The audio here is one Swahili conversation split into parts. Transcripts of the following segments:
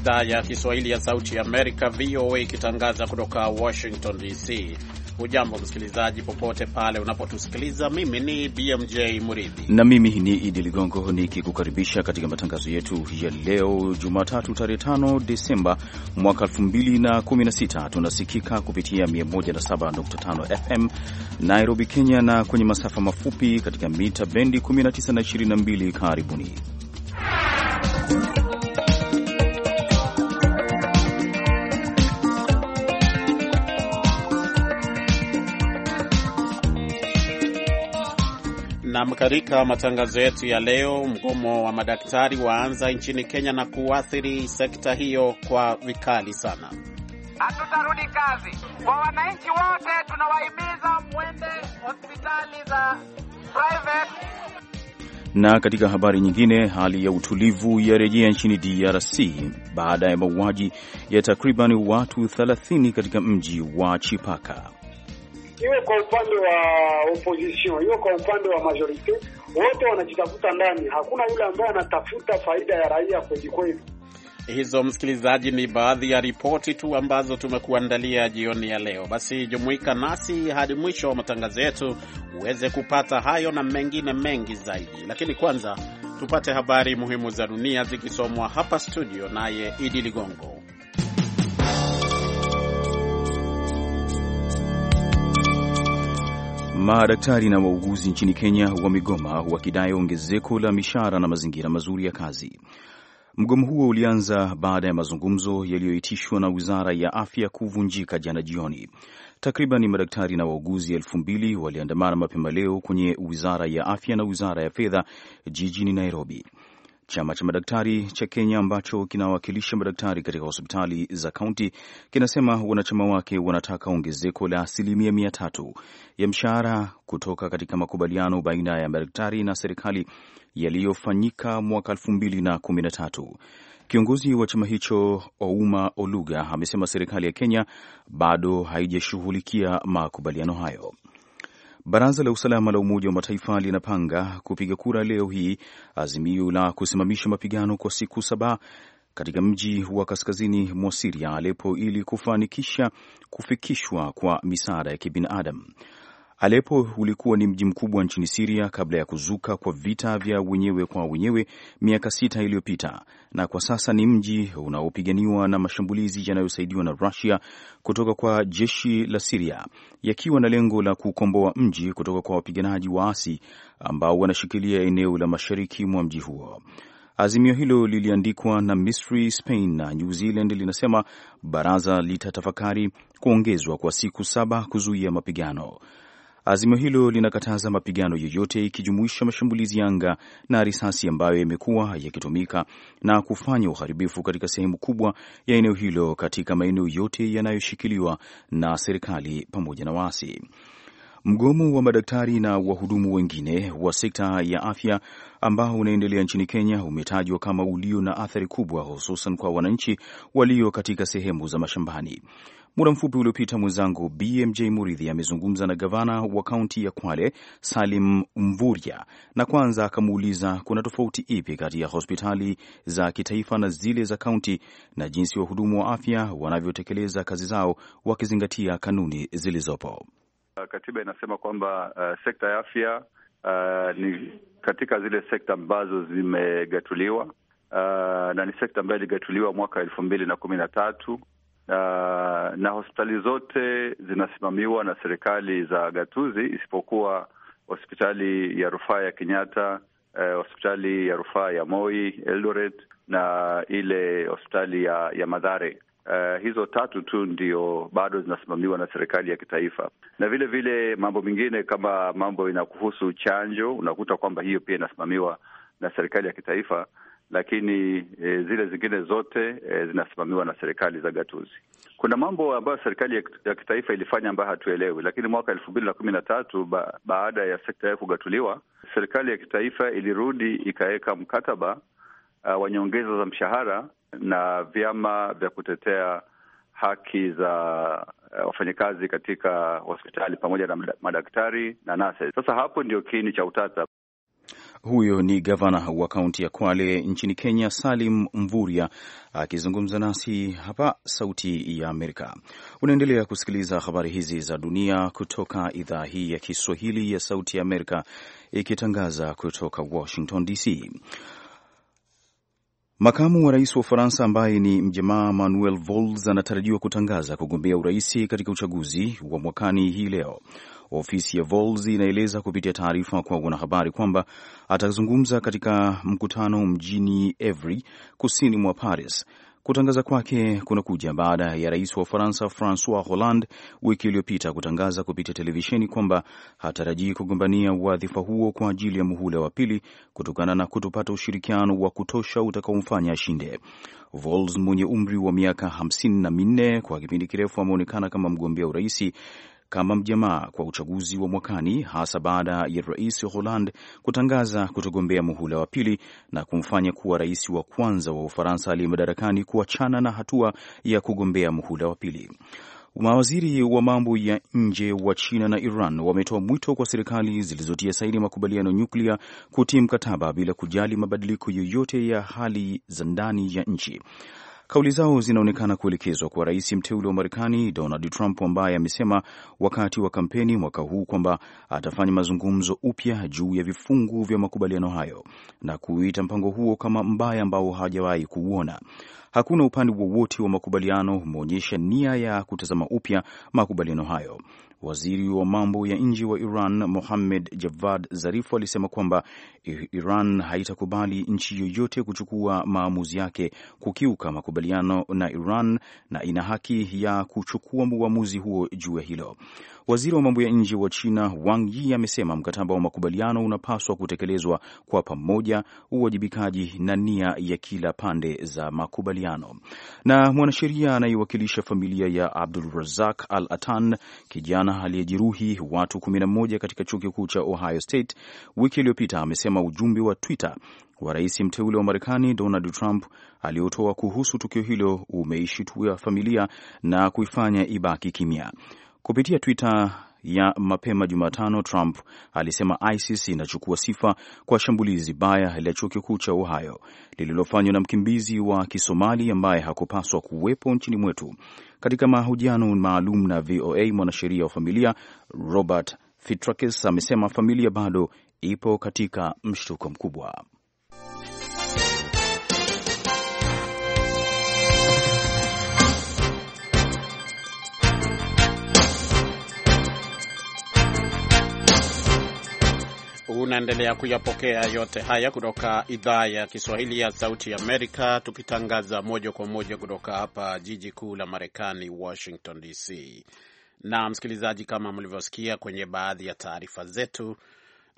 idhaa ya Kiswahili ya Sauti ya Amerika, VOA, ikitangaza kutoka Washington DC. Hujambo msikilizaji, popote pale unapotusikiliza. Mimi ni BMJ Muridhi na mimi ni Idi Ligongo nikikukaribisha katika matangazo yetu ya leo Jumatatu tarehe 5 Desemba mwaka 2016. Tunasikika kupitia 107.5 FM Nairobi, Kenya, na kwenye masafa mafupi katika mita bendi 19 na 22. Karibuni Na katika matangazo yetu ya leo, mgomo wa madaktari waanza nchini Kenya na kuathiri sekta hiyo kwa vikali sana. Hatutarudi kazi. Kwa wananchi wote tunawahimiza mwende hospitali za private. Na katika habari nyingine, hali ya utulivu yarejea nchini DRC baada ya mauaji ya takriban watu 30 katika mji wa Chipaka iwe kwa upande wa opposition, iwe kwa upande wa majorite, wote wanajitafuta ndani. Hakuna yule ambaye anatafuta faida ya raia kweli kweli. Hizo msikilizaji, ni baadhi ya ripoti tu ambazo tumekuandalia jioni ya leo. Basi jumuika nasi hadi mwisho wa matangazo yetu uweze kupata hayo na mengine mengi zaidi, lakini kwanza tupate habari muhimu za dunia zikisomwa hapa studio naye Idi Ligongo. Madaktari na wauguzi nchini Kenya wamegoma wakidai ongezeko la mishahara na mazingira mazuri ya kazi. Mgomo huo ulianza baada ya mazungumzo yaliyoitishwa na wizara ya afya kuvunjika jana jioni. Takriban madaktari na wauguzi elfu mbili waliandamana mapema leo kwenye wizara ya afya na wizara ya fedha jijini Nairobi. Chama cha madaktari cha Kenya ambacho kinawakilisha madaktari katika hospitali za kaunti kinasema wanachama wake wanataka ongezeko la asilimia mia tatu ya mshahara kutoka katika makubaliano baina ya madaktari na serikali yaliyofanyika mwaka elfu mbili na kumi na tatu. Kiongozi wa chama hicho Ouma Oluga amesema serikali ya Kenya bado haijashughulikia makubaliano hayo. Baraza la Usalama la Umoja wa Mataifa linapanga kupiga kura leo hii azimio la kusimamisha mapigano kwa siku saba katika mji wa kaskazini mwa Siria Alepo, ili kufanikisha kufikishwa kwa misaada ya kibinadamu. Aleppo ulikuwa ni mji mkubwa nchini Siria kabla ya kuzuka kwa vita vya wenyewe kwa wenyewe miaka sita iliyopita, na kwa sasa ni mji unaopiganiwa na mashambulizi yanayosaidiwa na Rusia kutoka kwa jeshi la Siria, yakiwa na lengo la kukomboa mji kutoka kwa wapiganaji waasi ambao wanashikilia eneo la mashariki mwa mji huo. Azimio hilo liliandikwa na Misri, Spain na New Zealand linasema baraza litatafakari kuongezwa kwa siku saba kuzuia mapigano. Azimio hilo linakataza mapigano yoyote ikijumuisha mashambulizi ya anga na risasi ambayo yamekuwa yakitumika na kufanya uharibifu katika sehemu kubwa ya eneo hilo katika maeneo yote yanayoshikiliwa na serikali pamoja na waasi. Mgomo wa madaktari na wahudumu wengine wa sekta ya afya ambao unaendelea nchini Kenya umetajwa kama ulio na athari kubwa, hususan kwa wananchi walio katika sehemu za mashambani. Muda mfupi uliopita mwenzangu BMJ Muridhi amezungumza na gavana wa kaunti ya Kwale Salim Mvurya, na kwanza akamuuliza kuna tofauti ipi kati ya hospitali za kitaifa na zile za kaunti na jinsi wahudumu wa afya wanavyotekeleza kazi zao wakizingatia kanuni zilizopo. Katiba inasema kwamba uh, sekta ya afya uh, ni katika zile sekta ambazo zimegatuliwa uh, na ni sekta ambayo iligatuliwa mwaka elfu mbili na kumi na tatu uh, na hospitali zote zinasimamiwa na serikali za gatuzi isipokuwa hospitali ya rufaa ya Kenyatta, uh, hospitali ya rufaa ya Moi Eldoret na ile hospitali ya, ya Madhare Uh, hizo tatu tu ndio bado zinasimamiwa na serikali ya kitaifa, na vile vile mambo mengine kama mambo inakuhusu chanjo, unakuta kwamba hiyo pia inasimamiwa na serikali ya kitaifa, lakini eh, zile zingine zote eh, zinasimamiwa na serikali za gatuzi. Kuna mambo ambayo serikali ya kitaifa ilifanya ambayo hatuelewi, lakini mwaka elfu mbili na kumi na tatu ba, baada ya sekta hiyo kugatuliwa, serikali ya kitaifa ilirudi ikaweka mkataba uh, wa nyongeza za mshahara na vyama vya kutetea haki za eh, wafanyakazi katika hospitali pamoja na madaktari na nase. Sasa hapo ndio kiini cha utata. Huyo ni gavana wa kaunti ya Kwale nchini Kenya, Salim Mvurya akizungumza nasi hapa Sauti ya Amerika. Unaendelea kusikiliza habari hizi za dunia kutoka idhaa hii ya Kiswahili ya Sauti ya Amerika ikitangaza kutoka Washington DC. Makamu wa rais wa Ufaransa ambaye ni mjamaa Manuel Valls anatarajiwa kutangaza kugombea urais katika uchaguzi wa mwakani hii leo. Ofisi ya Valls inaeleza kupitia taarifa kwa wanahabari kwamba atazungumza katika mkutano mjini Evry, kusini mwa Paris, Kutangaza kwake kunakuja baada ya rais wa Ufaransa Francois Hollande wiki iliyopita kutangaza kupitia televisheni kwamba hatarajii kugombania wadhifa huo kwa ajili ya muhula wa pili kutokana na kutopata ushirikiano wa kutosha utakaomfanya ashinde. Valls mwenye umri wa miaka hamsini na minne kwa kipindi kirefu ameonekana kama mgombea uraisi kama mjamaa kwa uchaguzi wa mwakani, hasa baada ya rais Hollande kutangaza kutogombea muhula wa pili na kumfanya kuwa rais wa kwanza wa Ufaransa aliye madarakani kuachana na hatua ya kugombea muhula wa pili. Mawaziri wa mambo ya nje wa China na Iran wametoa mwito kwa serikali zilizotia saini makubaliano nyuklia kutii mkataba bila kujali mabadiliko yoyote ya hali za ndani ya nchi. Kauli zao zinaonekana kuelekezwa kwa rais mteule wa Marekani Donald Trump ambaye amesema wakati wa kampeni mwaka huu kwamba atafanya mazungumzo upya juu ya vifungu vya makubaliano hayo na kuita mpango huo kama mbaya ambao hajawahi kuuona. Hakuna upande wowote wa makubaliano umeonyesha nia ya kutazama upya makubaliano hayo. Waziri wa mambo ya nje wa Iran Mohammed Javad Zarif alisema kwamba Iran haitakubali nchi yoyote kuchukua maamuzi yake kukiuka makubaliano na Iran na ina haki ya kuchukua uamuzi huo juu ya hilo. Waziri wa mambo ya nje wa China Wang Yi amesema mkataba wa makubaliano unapaswa kutekelezwa kwa pamoja, uwajibikaji na nia ya kila pande za makubaliano. Na mwanasheria anayewakilisha familia ya Abdul Razak Al Atan, kijana aliyejeruhi watu 11 katika chuo kikuu cha Ohio State wiki iliyopita, amesema ujumbe wa Twitter wa rais mteule wa Marekani Donald Trump aliotoa kuhusu tukio hilo umeishitua familia na kuifanya ibaki kimya. Kupitia Twitter ya mapema Jumatano, Trump alisema ISIS inachukua sifa kwa shambulizi baya la chuo kikuu cha Ohio lililofanywa na mkimbizi wa Kisomali ambaye hakupaswa kuwepo nchini mwetu. Katika mahojiano maalum na VOA, mwanasheria wa familia Robert Fitrakis amesema familia bado ipo katika mshtuko mkubwa. Unaendelea kuyapokea yote haya kutoka idhaa ya Kiswahili ya Sauti ya Amerika, tukitangaza moja kwa moja kutoka hapa jiji kuu la Marekani, Washington DC. Na msikilizaji, kama mlivyosikia kwenye baadhi ya taarifa zetu,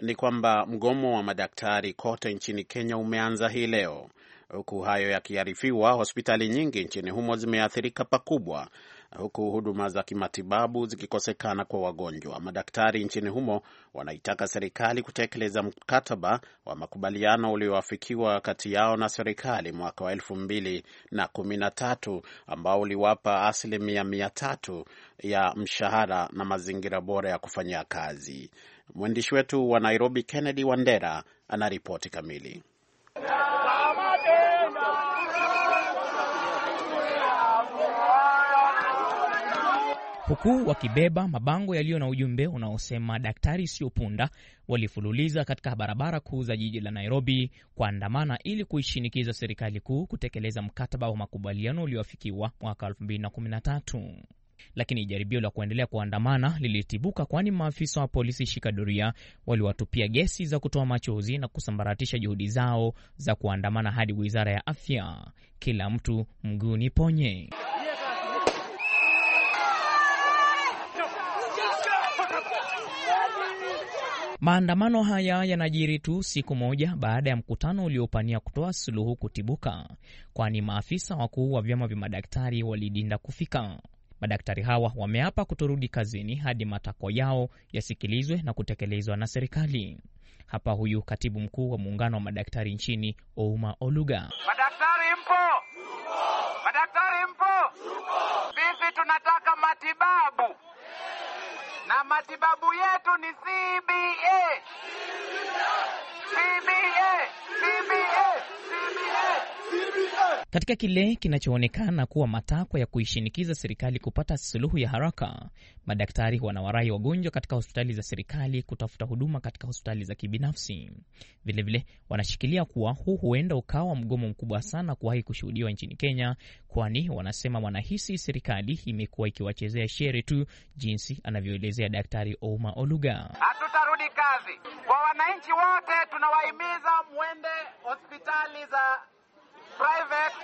ni kwamba mgomo wa madaktari kote nchini Kenya umeanza hii leo. Huku hayo yakiharifiwa, hospitali nyingi nchini humo zimeathirika pakubwa, huku huduma za kimatibabu zikikosekana kwa wagonjwa. Madaktari nchini humo wanaitaka serikali kutekeleza mkataba wa makubaliano ulioafikiwa kati yao na serikali mwaka wa elfu mbili na kumi na tatu ambao uliwapa asilimia mia tatu ya mshahara na mazingira bora ya kufanyia kazi. Mwandishi wetu wa Nairobi, Kennedy Wandera, ana ripoti kamili. huku wakibeba mabango yaliyo na ujumbe unaosema daktari sio punda, walifululiza katika barabara kuu za jiji la Nairobi kuandamana ili kuishinikiza serikali kuu kutekeleza mkataba wa makubaliano ulioafikiwa mwaka 2013. Lakini jaribio la kuendelea kuandamana lilitibuka, kwani maafisa wa polisi shika doria waliwatupia gesi za kutoa machozi na kusambaratisha juhudi zao za kuandamana hadi wizara ya afya. Kila mtu mguu ni ponye. Maandamano haya yanajiri tu siku moja baada ya mkutano uliopania kutoa suluhu kutibuka, kwani maafisa wakuu wa vyama vya madaktari walidinda kufika. Madaktari hawa wameapa kutorudi kazini hadi matakwa yao yasikilizwe na kutekelezwa na serikali. Hapa huyu katibu mkuu wa muungano wa madaktari nchini, Ouma Oluga. Madaktari mpo? Madaktari mpo? Sisi tunataka matibabu na matibabu yetu ni CBA. CBA. CBA. CBA. CBA. Katika kile kinachoonekana kuwa matakwa ya kuishinikiza serikali kupata suluhu ya haraka, madaktari wanawarai wagonjwa katika hospitali za serikali kutafuta huduma katika hospitali za kibinafsi. Vilevile wanashikilia kuwa huu huenda ukawa mgomo mkubwa sana kuwahi kushuhudiwa nchini Kenya, kwani wanasema wanahisi serikali imekuwa ikiwachezea shere tu, jinsi anavyoelezea Daktari Ouma Oluga. Hatutarudi kazi kwa wananchi wote, tunawahimiza mwende hospitali za private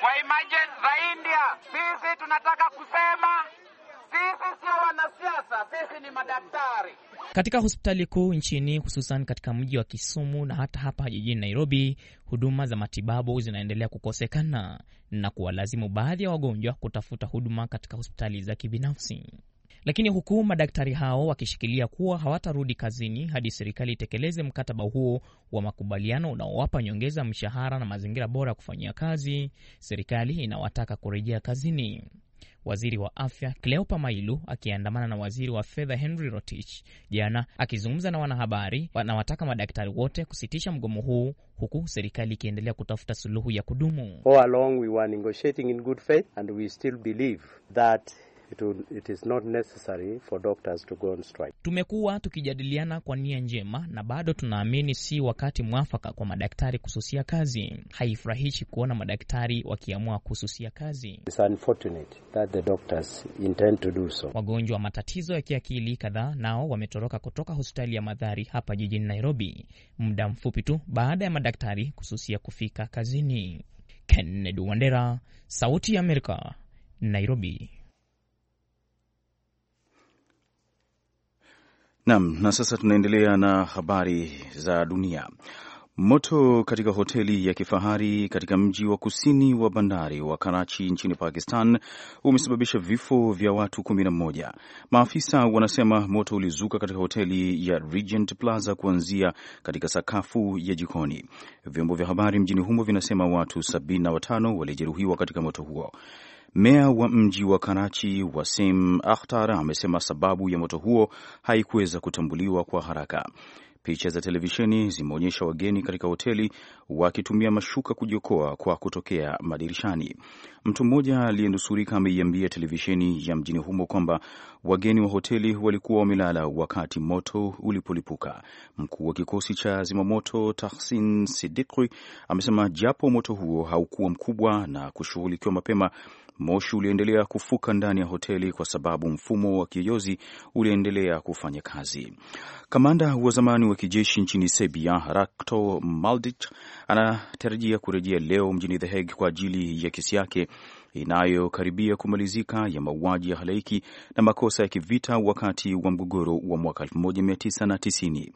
kwa imagine za India. Sisi tunataka kusema sisi sio wanasiasa, sisi ni madaktari. Katika hospitali kuu nchini, hususan katika mji wa Kisumu na hata hapa jijini Nairobi, huduma za matibabu zinaendelea kukosekana na kuwalazimu baadhi ya wagonjwa kutafuta huduma katika hospitali za kibinafsi lakini huku madaktari hao wakishikilia kuwa hawatarudi kazini hadi serikali itekeleze mkataba huo wa makubaliano unaowapa nyongeza mshahara na mazingira bora ya kufanyia kazi, serikali inawataka kurejea kazini. Waziri wa afya Cleopa Mailu akiandamana na waziri wa fedha Henry Rotich jana akizungumza na wanahabari, wanawataka madaktari wote kusitisha mgomo huu huku serikali ikiendelea kutafuta suluhu ya kudumu. It will, it is not necessary for doctors to go on strike. Tumekuwa tukijadiliana kwa nia njema na bado tunaamini si wakati mwafaka kwa madaktari kususia kazi. Haifurahishi kuona madaktari wakiamua kususia kazi. It's unfortunate that the doctors intend to do so. Wagonjwa wa matatizo ya kiakili kadhaa nao wametoroka kutoka hospitali ya Madhari hapa jijini Nairobi muda mfupi tu baada ya madaktari kususia kufika kazini. Kennedy Wandera, Sauti ya Amerika, Nairobi. Naam, na sasa tunaendelea na habari za dunia. Moto katika hoteli ya kifahari katika mji wa kusini wa bandari wa Karachi nchini Pakistan umesababisha vifo vya watu kumi na mmoja. Maafisa wanasema moto ulizuka katika hoteli ya Regent Plaza kuanzia katika sakafu ya jikoni. Vyombo vya habari mjini humo vinasema watu sabini na watano walijeruhiwa katika moto huo. Meya wa mji wa Karachi Wasim Akhtar amesema sababu ya moto huo haikuweza kutambuliwa kwa haraka. Picha za televisheni zimeonyesha wageni katika hoteli wakitumia mashuka kujiokoa kwa kutokea madirishani. Mtu mmoja aliyenusurika ameiambia televisheni ya mjini humo kwamba wageni wa hoteli walikuwa wamelala wakati moto ulipolipuka. Mkuu wa kikosi cha zimamoto Tahsin Sidikri amesema japo moto huo haukuwa mkubwa na kushughulikiwa mapema, Moshi uliendelea kufuka ndani ya hoteli kwa sababu mfumo wa kiyoyozi uliendelea kufanya kazi. Kamanda wa zamani wa kijeshi nchini Serbia Ratko Mladic anatarajia kurejea leo mjini The Hague kwa ajili ya kesi yake inayokaribia kumalizika ya mauaji ya halaiki na makosa ya kivita wakati wa mgogoro wa mwaka 1990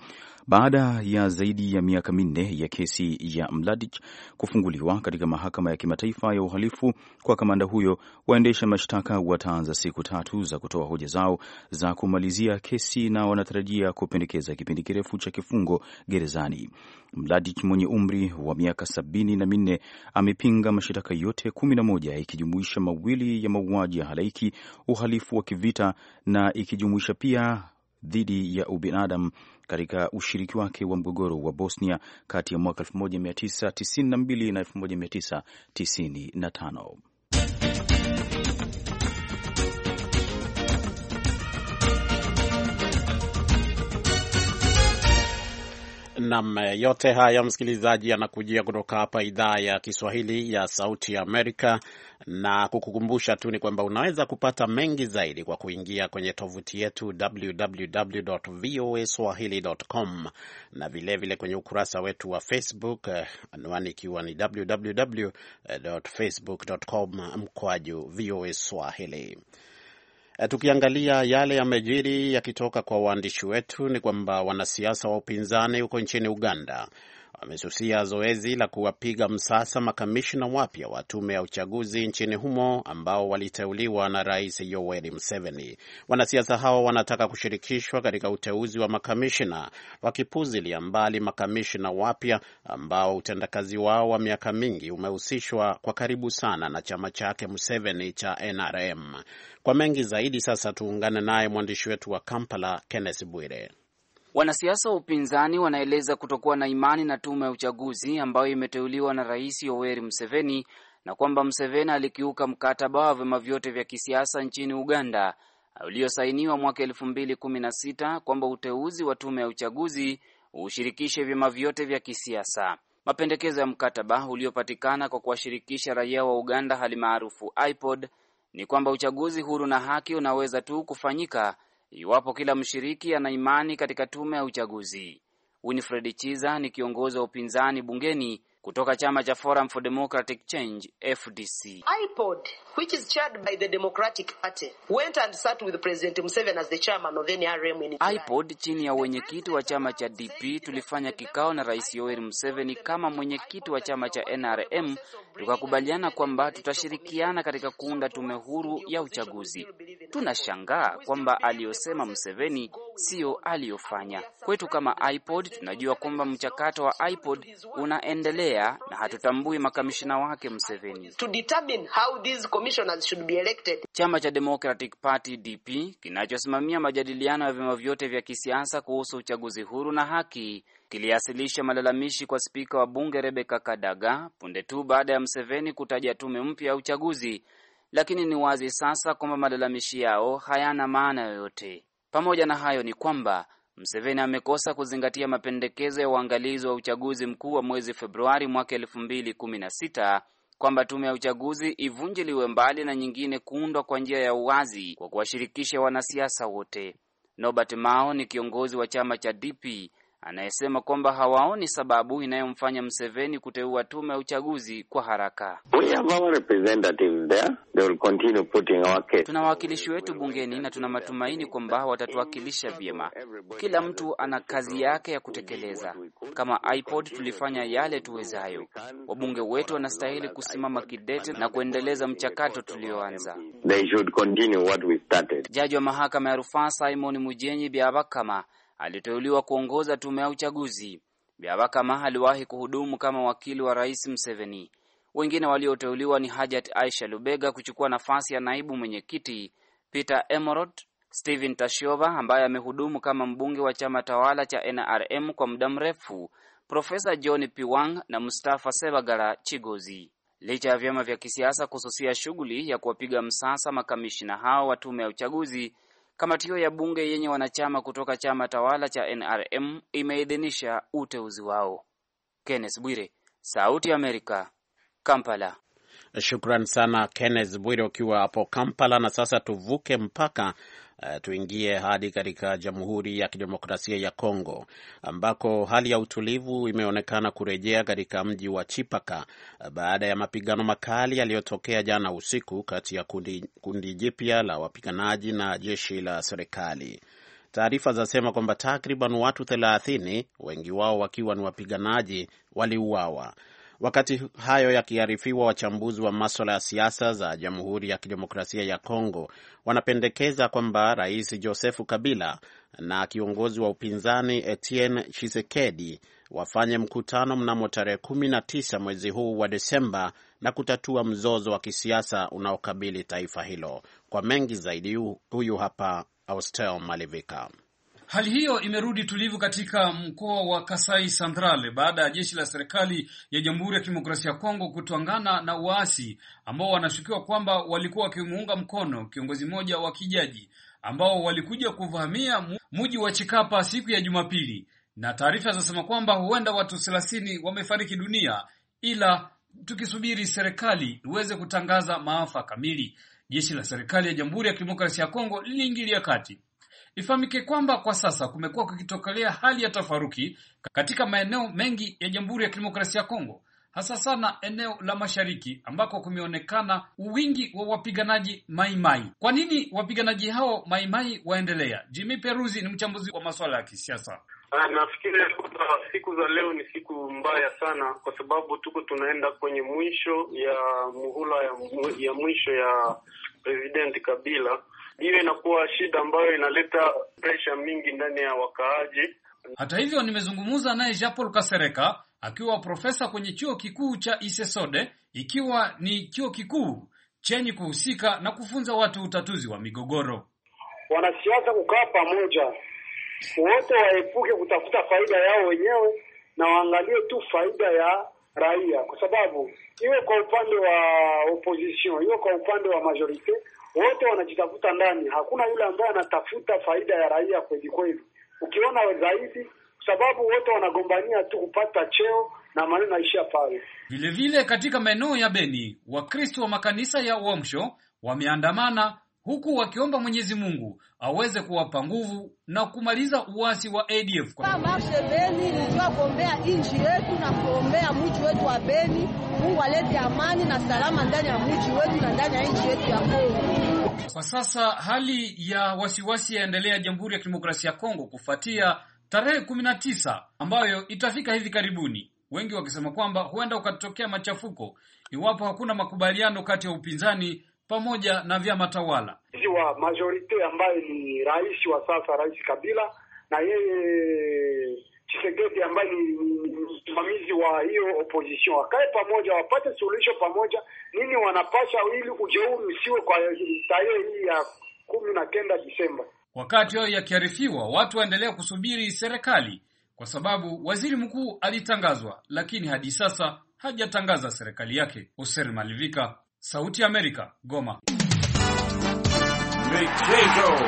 baada ya zaidi ya miaka minne ya kesi ya Mladic kufunguliwa katika mahakama ya kimataifa ya uhalifu kwa kamanda huyo, waendesha mashtaka wataanza siku tatu za kutoa hoja zao za kumalizia kesi na wanatarajia kupendekeza kipindi kirefu cha kifungo gerezani. Mladic mwenye umri wa miaka sabini na minne amepinga mashitaka yote kumi na moja ikijumuisha mawili ya mauaji ya halaiki, uhalifu wa kivita na ikijumuisha pia dhidi ya ubinadamu katika ushiriki wake wa mgogoro wa Bosnia kati ya mwaka 1992 na 1995. Nam, yote haya msikilizaji, yanakujia kutoka hapa idhaa ya Kiswahili ya Sauti ya Amerika, na kukukumbusha tu ni kwamba unaweza kupata mengi zaidi kwa kuingia kwenye tovuti yetu swahilicom na vilevile vile kwenye ukurasa wetu wa Facebook, eh, anwani ikiwa ni www.facebook.com mkwaju VOA Swahili. Eh, tukiangalia yale yamejiri yakitoka kwa waandishi wetu, ni kwamba wanasiasa wa upinzani huko nchini Uganda amesusia zoezi la kuwapiga msasa makamishna wapya wa tume ya uchaguzi nchini humo ambao waliteuliwa na Rais Yoweri Museveni. Wanasiasa hao wanataka kushirikishwa katika uteuzi wa makamishna, wakipuzilia mbali makamishna wapya ambao utendakazi wao wa miaka mingi umehusishwa kwa karibu sana na chama chake Museveni cha NRM. Kwa mengi zaidi, sasa tuungane naye mwandishi wetu wa Kampala, Kenneth Bwire. Wanasiasa wa upinzani wanaeleza kutokuwa na imani na tume ya uchaguzi ambayo imeteuliwa na Rais Yoweri Museveni na kwamba Museveni alikiuka mkataba wa vyama vyote vya kisiasa nchini Uganda uliosainiwa mwaka 216 kwamba uteuzi wa tume ya uchaguzi ushirikishe vyama vyote vya kisiasa. Mapendekezo ya mkataba uliopatikana kwa kuwashirikisha raia wa Uganda hali maarufu IPOD ni kwamba uchaguzi huru na haki unaweza tu kufanyika iwapo kila mshiriki ana imani katika tume ya uchaguzi. Winfred Chiza ni kiongozi wa upinzani bungeni kutoka chama cha Forum for Democratic Change FDC. IPOD which is chaired by the Democratic Party went and sat with President Museveni as the chairman of NRM in IPOD chini ya wenyekiti wa chama cha DP tulifanya kikao na Rais Yoweri Museveni kama mwenyekiti wa chama cha NRM, tukakubaliana kwamba tutashirikiana katika kuunda tume huru ya uchaguzi. Tunashangaa kwamba aliyosema mseveni siyo aliyofanya. Kwetu kama IPOD, tunajua kwamba mchakato wa IPOD unaendelea na hatutambui makamishina wake mseveni Chama cha Democratic Party DP kinachosimamia majadiliano ya vyama vyote vya kisiasa kuhusu uchaguzi huru na haki kiliasilisha malalamishi kwa spika wa bunge Rebecca Kadaga punde tu baada ya mseveni kutaja tume mpya ya uchaguzi lakini ni wazi sasa kwamba malalamishi yao hayana maana yoyote. Pamoja na hayo ni kwamba Mseveni amekosa kuzingatia mapendekezo ya uangalizi wa uchaguzi mkuu wa mwezi Februari mwaka elfu mbili kumi na sita kwamba tume ya uchaguzi ivunjiliwe mbali na nyingine kuundwa kwa njia ya uwazi kwa kuwashirikisha wanasiasa wote. Nobert Mao ni kiongozi wa chama cha DP anayesema kwamba hawaoni sababu inayomfanya Mseveni kuteua tume ya uchaguzi kwa haraka. Tuna wawakilishi wetu bungeni na tuna matumaini kwamba watatuwakilisha vyema. Kila mtu ana kazi yake ya kutekeleza. Kama iPod tulifanya yale tuwezayo. Wabunge wetu wanastahili kusimama kidete na kuendeleza mchakato tulioanza. Jaji wa mahakama ya rufaa Simon Mujenyi Byabakama aliteuliwa kuongoza tume ya uchaguzi. Byabakama aliwahi kuhudumu kama wakili wa Rais mseveni Wengine walioteuliwa ni Hajat Aisha Lubega kuchukua nafasi ya naibu mwenyekiti, Peter Emorot, Stephen Tashiova ambaye amehudumu kama mbunge wa chama tawala cha NRM kwa muda mrefu, Profesa John Piwang na Mustafa Sebagala Chigozi. Licha ya vyama vya kisiasa kususia shughuli ya kuwapiga msasa makamishina hao wa tume ya uchaguzi, Kamati hiyo ya bunge yenye wanachama kutoka chama tawala cha NRM imeidhinisha uteuzi wao. Kenneth Bwire, Sauti ya Amerika, Kampala. Shukran sana Kenneth Bwire ukiwa hapo Kampala. Na sasa tuvuke mpaka Uh, tuingie hadi katika Jamhuri ya Kidemokrasia ya Kongo ambako hali ya utulivu imeonekana kurejea katika mji wa Chipaka eh, baada ya mapigano makali yaliyotokea jana usiku kati ya kundi, kundi jipya la wapiganaji na jeshi la serikali. Taarifa zasema kwamba takriban watu 3h0 wengi wao wakiwa ni wapiganaji waliuawa. Wakati hayo yakiharifiwa, wachambuzi wa maswala ya siasa za Jamhuri ya Kidemokrasia ya Kongo wanapendekeza kwamba Rais Joseph Kabila na kiongozi wa upinzani Etienne Tshisekedi wafanye mkutano mnamo tarehe kumi na tisa mwezi huu wa Desemba na kutatua mzozo wa kisiasa unaokabili taifa hilo. Kwa mengi zaidi, huyu hapa Austel Malivika. Hali hiyo imerudi tulivu katika mkoa wa Kasai Central baada ya jeshi la serikali ya Jamhuri ya Kidemokrasia ya Kongo kutwangana na waasi ambao wanashukiwa kwamba walikuwa wakimuunga mkono kiongozi mmoja wa kijaji ambao walikuja kuvamia mji wa Chikapa siku ya Jumapili, na taarifa zinasema kwamba huenda watu thelathini wamefariki dunia, ila tukisubiri serikali iweze kutangaza maafa kamili. Jeshi la serikali ya Jamhuri ya Kidemokrasia ya Kongo liliingilia kati. Ifahamike kwamba kwa sasa kumekuwa kukitokelea hali ya tafaruki katika maeneo mengi ya Jamhuri ya Kidemokrasia ya Kongo, hasa sana eneo la mashariki ambako kumeonekana wingi wa wapiganaji maimai. Kwa nini wapiganaji hao maimai waendelea? Jimmy Peruzi ni mchambuzi wa masuala ya kisiasa. Ah, nafikiri kwamba siku za leo ni siku mbaya sana, kwa sababu tuko tunaenda kwenye mwisho ya muhula ya mwisho ya President Kabila hiyo inakuwa shida ambayo inaleta presha mingi ndani ya wakaaji. Hata hivyo, nimezungumza naye Jean Paul Kasereka akiwa profesa kwenye chuo kikuu cha Isesode, ikiwa ni chuo kikuu chenye kuhusika na kufunza watu utatuzi wa migogoro. Wanasiasa kukaa pamoja, wote waepuke kutafuta faida yao wenyewe na waangalie tu faida ya raia, kwa sababu iwe kwa upande wa opposition, iwe kwa upande wa majorite, wote wanajitafuta ndani, hakuna yule ambaye anatafuta faida ya raia kweli kweli. Ukiona zaidi sababu wote wanagombania tu kupata cheo na maneno naishia pale. Vilevile katika maeneo ya Beni, Wakristo wa makanisa ya Uamsho wameandamana huku wakiomba Mwenyezi Mungu aweze kuwapa nguvu na kumaliza uasi wa ADF. Kwa marshe Beni ilijua kuombea nchi yetu na kuombea mji wetu wa Beni, Mungu alete amani na salama ndani ya mji wetu na ndani ya nchi yetu ya Kongo. Kwa sasa hali ya wasiwasi yaendelea Jamhuri ya Kidemokrasia ya Kongo kufuatia tarehe 19 ambayo itafika hivi karibuni, wengi wakisema kwamba huenda ukatokea machafuko iwapo hakuna makubaliano kati ya upinzani pamoja na vyama tawala wa majorite ambaye ni rais wa sasa, Rais Kabila na yeye Tshisekedi ambaye ni msimamizi wa hiyo opposition, wakae pamoja, wapate suluhisho pamoja, nini wanapasha ili ujeuri usiwe kwa tarehe hii ya kumi na kenda Disemba. Wakati hayo yakiharifiwa, watu waendelea kusubiri serikali kwa sababu waziri mkuu alitangazwa, lakini hadi sasa hajatangaza serikali yake. Hussein Malivika, Sauti ya Amerika, Goma. Michezo.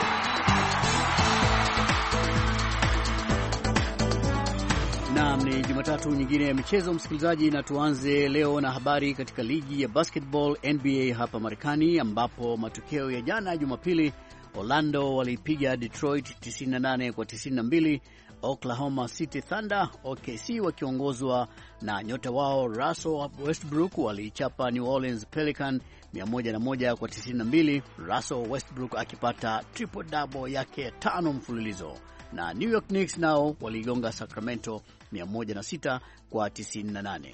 Naam, ni Jumatatu nyingine ya michezo, msikilizaji, na tuanze leo na habari katika ligi ya basketball NBA hapa Marekani, ambapo matokeo ya jana Jumapili, Orlando walipiga Detroit 98 kwa 92, Oklahoma City Thunder OKC wakiongozwa na nyota wao Russell Westbrook waliichapa New Orleans Pelican 101 kwa 92, Russell Westbrook akipata triple double yake tano mfululizo na New York Knicks nao waliigonga Sacramento 106 kwa 98.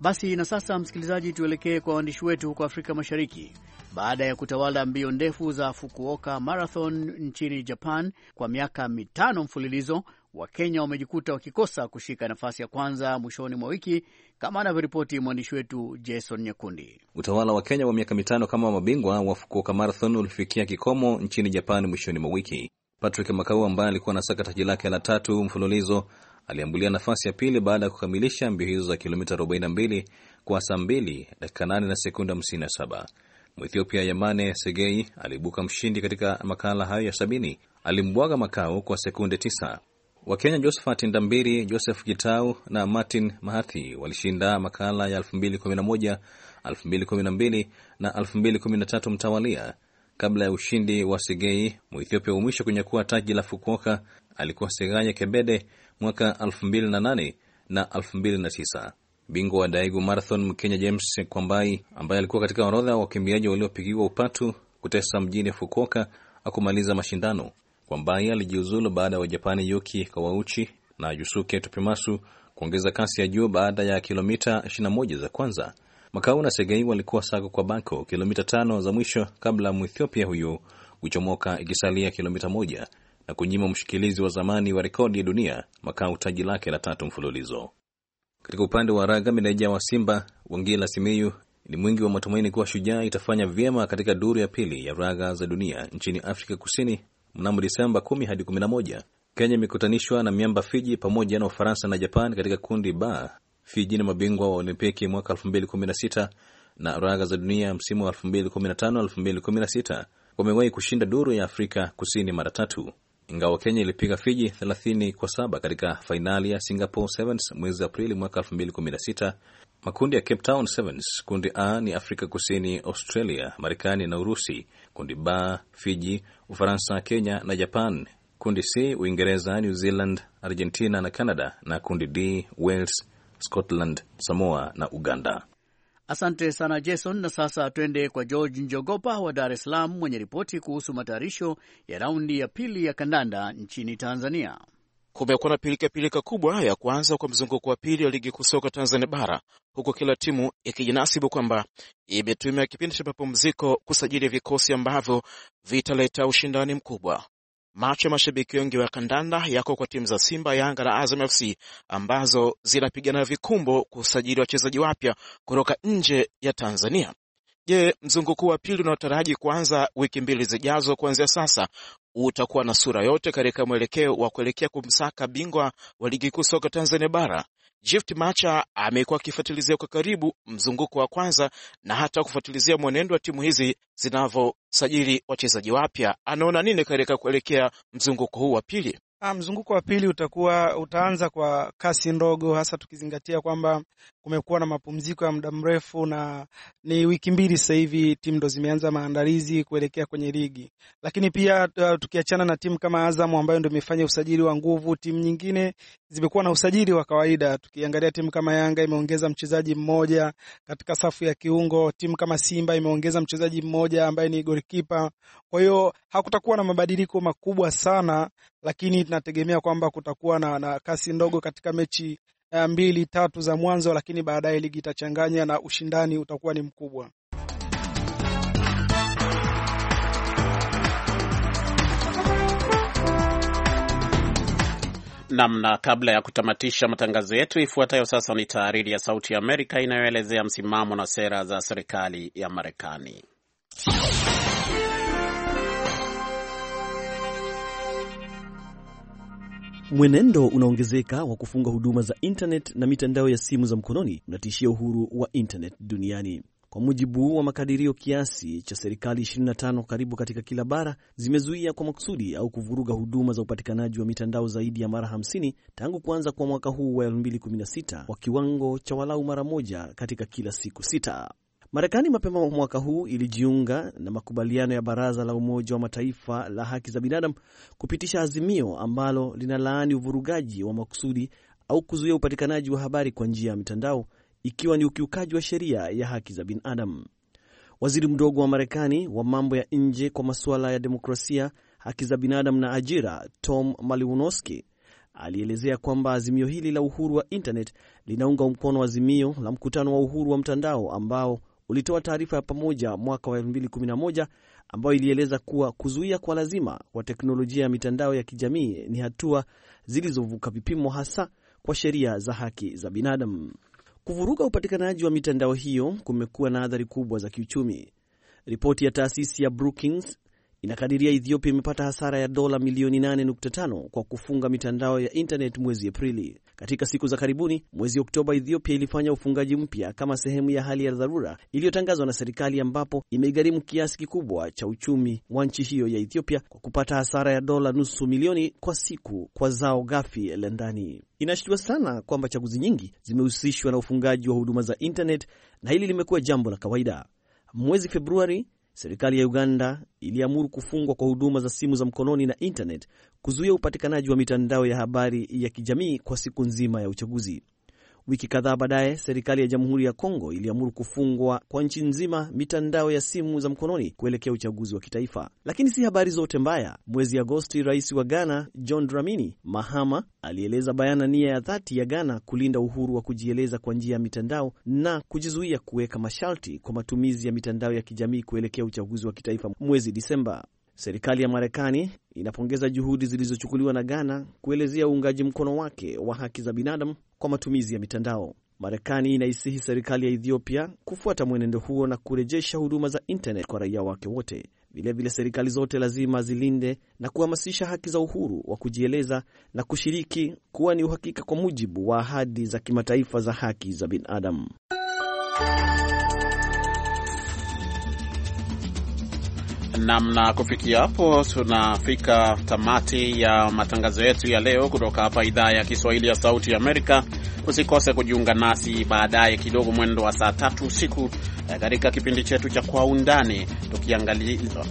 Basi na sasa, msikilizaji, tuelekee kwa waandishi wetu huko Afrika Mashariki. Baada ya kutawala mbio ndefu za Fukuoka Marathon nchini Japan kwa miaka mitano mfululizo, Wakenya wamejikuta wakikosa kushika nafasi ya kwanza mwishoni mwa wiki, kama anavyoripoti mwandishi wetu Jason Nyakundi. Utawala wa Kenya wa miaka mitano kama mabingwa wa Fukuoka Marathon ulifikia kikomo nchini Japan mwishoni mwa wiki. Patrick Makau ambaye alikuwa saka taji lake la tatu mfululizo aliambulia nafasi ya pili baada ya kukamilisha mbio hizo za kilomita 42 kwa saa 2 dakika 8 na sekunda 57. Mwethiopia Yamane Segei aliibuka mshindi katika makala hayo ya sabini. Alimbwaga Makau kwa sekunde tisa. Wakenya Josephat Ndambiri, Joseph Gitau na Martin Mahathi walishinda makala ya 2011, 2012 na 2013 mtawalia kabla ya ushindi wa Segei. Muethiopia wa mwisho kunyakua taji la Fukuoka alikuwa Segaya Kebede mwaka 2008 na 2009. Bingwa wa Daegu Marathon Mkenya James Kwambai ambaye alikuwa katika orodha wa wakimbiaji waliopigiwa upatu kutesa mjini Fukuoka akumaliza mashindano. Kwambai alijiuzulu baada ya Wajapani Yuki Kawauchi na Yusuke Topimasu kuongeza kasi ya juu baada ya kilomita 21 za kwanza. Makau na Segei walikuwa sako kwa bako kilomita tano za mwisho kabla Mwethiopia huyu kuchomoka, ikisalia kilomita moja na kunyima mshikilizi wa zamani wa rekodi ya dunia Makau taji lake la tatu mfululizo. Katika upande wa raga, meneja wa Simba Wangila Simiyu ni mwingi wa matumaini kuwa Shujaa itafanya vyema katika duru ya pili ya raga za dunia nchini Afrika Kusini mnamo Disemba 10 hadi 11. Kenya imekutanishwa na miamba Fiji pamoja na Ufaransa na Japan katika kundi B. Fiji ni mabingwa wa Olimpiki mwaka 2016 na raga za dunia msimu wa 2015-2016. Wamewahi kushinda duru ya Afrika Kusini mara tatu, ingawa Kenya ilipiga Fiji 30 kwa saba katika fainali ya Singapore Sevens mwezi Aprili mwaka 2016. Makundi ya Cape Town Sevens, kundi A ni Afrika Kusini, Australia, Marekani na Urusi kundi B Fiji, Ufaransa, Kenya na Japan, kundi C Uingereza, New Zealand, Argentina na Canada, na kundi D Wales, Scotland, Samoa na Uganda. Asante sana Jason, na sasa twende kwa George Njogopa wa Dar es Salaam mwenye ripoti kuhusu matayarisho ya raundi ya pili ya kandanda nchini Tanzania. Kumekuwa na pilikapilika kubwa ya kuanza kwa mzunguko wa pili wa ligi kuu soka Tanzania bara, huku kila timu ikijinasibu kwamba imetumia kipindi cha mapumziko kusajili vikosi ambavyo vitaleta ushindani mkubwa. Macho ya mashabiki wengi wa kandanda yako kwa timu za Simba, Yanga na Azam FC ambazo zinapigana vikumbo kusajili wachezaji wapya kutoka nje ya Tanzania. Je, mzunguko wa pili unaotaraji kuanza wiki mbili zijazo kuanzia sasa utakuwa na sura yote katika mwelekeo wa kuelekea kumsaka bingwa wa ligi kuu soka Tanzania bara. Gift Macha amekuwa akifuatilizia kwa karibu mzunguko wa kwanza na hata kufuatilizia mwenendo wa timu hizi zinavyosajili wachezaji wapya. Anaona nini katika kuelekea mzunguko huu wa pili? Ah, mzunguko wa pili utakuwa utaanza kwa kasi ndogo, hasa tukizingatia kwamba kumekuwa na mapumziko ya muda mrefu, na ni wiki mbili sasa hivi timu ndo zimeanza maandalizi kuelekea kwenye ligi. Lakini pia uh, tukiachana na timu kama Azam ambayo ndo imefanya usajili wa nguvu, timu nyingine zimekuwa na usajili wa kawaida. Tukiangalia timu kama Yanga imeongeza mchezaji mmoja katika safu ya kiungo, timu kama Simba imeongeza mchezaji mmoja ambaye ni goalkeeper. Kwa hiyo hakutakuwa na mabadiliko makubwa sana, lakini tunategemea kwamba kutakuwa na, na kasi ndogo katika mechi mbili tatu za mwanzo, lakini baadaye ligi itachanganya na ushindani utakuwa ni mkubwa. Namna kabla ya kutamatisha matangazo yetu, ifuatayo sasa ni taariri ya Sauti ya Amerika inayoelezea msimamo na sera za serikali ya Marekani. Mwenendo unaongezeka wa kufunga huduma za internet na mitandao ya simu za mkononi unatishia uhuru wa internet duniani. Kwa mujibu wa makadirio, kiasi cha serikali 25 karibu katika kila bara zimezuia kwa makusudi au kuvuruga huduma za upatikanaji wa mitandao zaidi ya mara 50 tangu kuanza kwa mwaka huu wa 2016 kwa kiwango cha walau mara moja katika kila siku sita. Marekani mapema mwaka huu ilijiunga na makubaliano ya Baraza la Umoja wa Mataifa la haki za binadamu kupitisha azimio ambalo linalaani uvurugaji wa makusudi au kuzuia upatikanaji wa habari kwa njia ya mitandao ikiwa ni ukiukaji wa sheria ya haki za binadamu. Waziri mdogo wa Marekani wa mambo ya nje kwa masuala ya demokrasia, haki za binadamu na ajira, Tom Malinowski alielezea kwamba azimio hili la uhuru wa internet linaunga mkono azimio la mkutano wa uhuru wa mtandao ambao ulitoa taarifa ya pamoja mwaka wa 2011 ambayo ilieleza kuwa kuzuia kwa lazima kwa teknolojia ya mitandao ya kijamii ni hatua zilizovuka vipimo, hasa kwa sheria za haki za binadamu. Kuvuruga upatikanaji wa mitandao hiyo kumekuwa na athari kubwa za kiuchumi. Ripoti ya taasisi ya Brookings inakadiria Ethiopia imepata hasara ya dola milioni 8.5 kwa kufunga mitandao ya intanet mwezi Aprili. Katika siku za karibuni, mwezi Oktoba, Ethiopia ilifanya ufungaji mpya kama sehemu ya hali ya dharura iliyotangazwa na serikali, ambapo imeigharimu kiasi kikubwa cha uchumi wa nchi hiyo ya Ethiopia kwa kupata hasara ya dola nusu milioni kwa siku kwa zao ghafi la ndani. Inashtua sana kwamba chaguzi nyingi zimehusishwa na ufungaji wa huduma za intanet na hili limekuwa jambo la kawaida. Mwezi Februari, serikali ya Uganda iliamuru kufungwa kwa huduma za simu za mkononi na internet, kuzuia upatikanaji wa mitandao ya habari ya kijamii kwa siku nzima ya uchaguzi. Wiki kadhaa baadaye, serikali ya Jamhuri ya Kongo iliamuru kufungwa kwa nchi nzima mitandao ya simu za mkononi kuelekea uchaguzi wa kitaifa. Lakini si habari zote mbaya. Mwezi Agosti, rais wa Ghana John Dramani Mahama alieleza bayana nia ya dhati ya Ghana kulinda uhuru wa kujieleza kwa njia ya mitandao na kujizuia kuweka masharti kwa matumizi ya mitandao ya kijamii kuelekea uchaguzi wa kitaifa mwezi Disemba. Serikali ya Marekani inapongeza juhudi zilizochukuliwa na Ghana kuelezea uungaji mkono wake wa haki za binadamu kwa matumizi ya mitandao. Marekani inaisihi serikali ya Ethiopia kufuata mwenendo huo na kurejesha huduma za internet kwa raia wake wote. Vilevile, serikali zote lazima zilinde na kuhamasisha haki za uhuru wa kujieleza na kushiriki kuwa ni uhakika kwa mujibu wa ahadi za kimataifa za haki za binadamu. namna kufikia hapo, tunafika tamati ya matangazo yetu ya leo kutoka hapa idhaa ya Kiswahili ya Sauti ya Amerika. Usikose kujiunga nasi baadaye kidogo, mwendo wa saa tatu usiku eh, katika kipindi chetu cha Kwa Undani,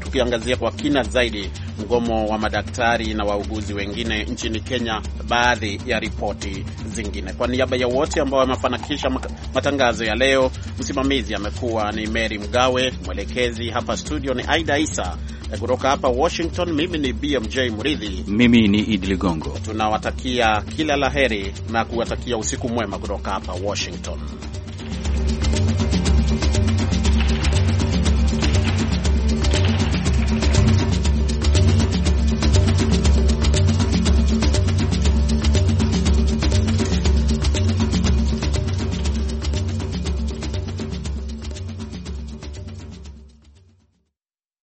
tukiangazia kwa kina zaidi mgomo wa madaktari na wauguzi wengine nchini Kenya, baadhi ya ripoti zingine. Kwa niaba ya wote ambao wamefanikisha matangazo ya leo, msimamizi amekuwa ni Mary Mgawe, mwelekezi hapa studio ni Aida Isi sita. Eh, kutoka hapa Washington, mimi ni BMJ mridhi mimi ni Idi Ligongo. Tunawatakia kila laheri na kuwatakia usiku mwema kutoka hapa Washington.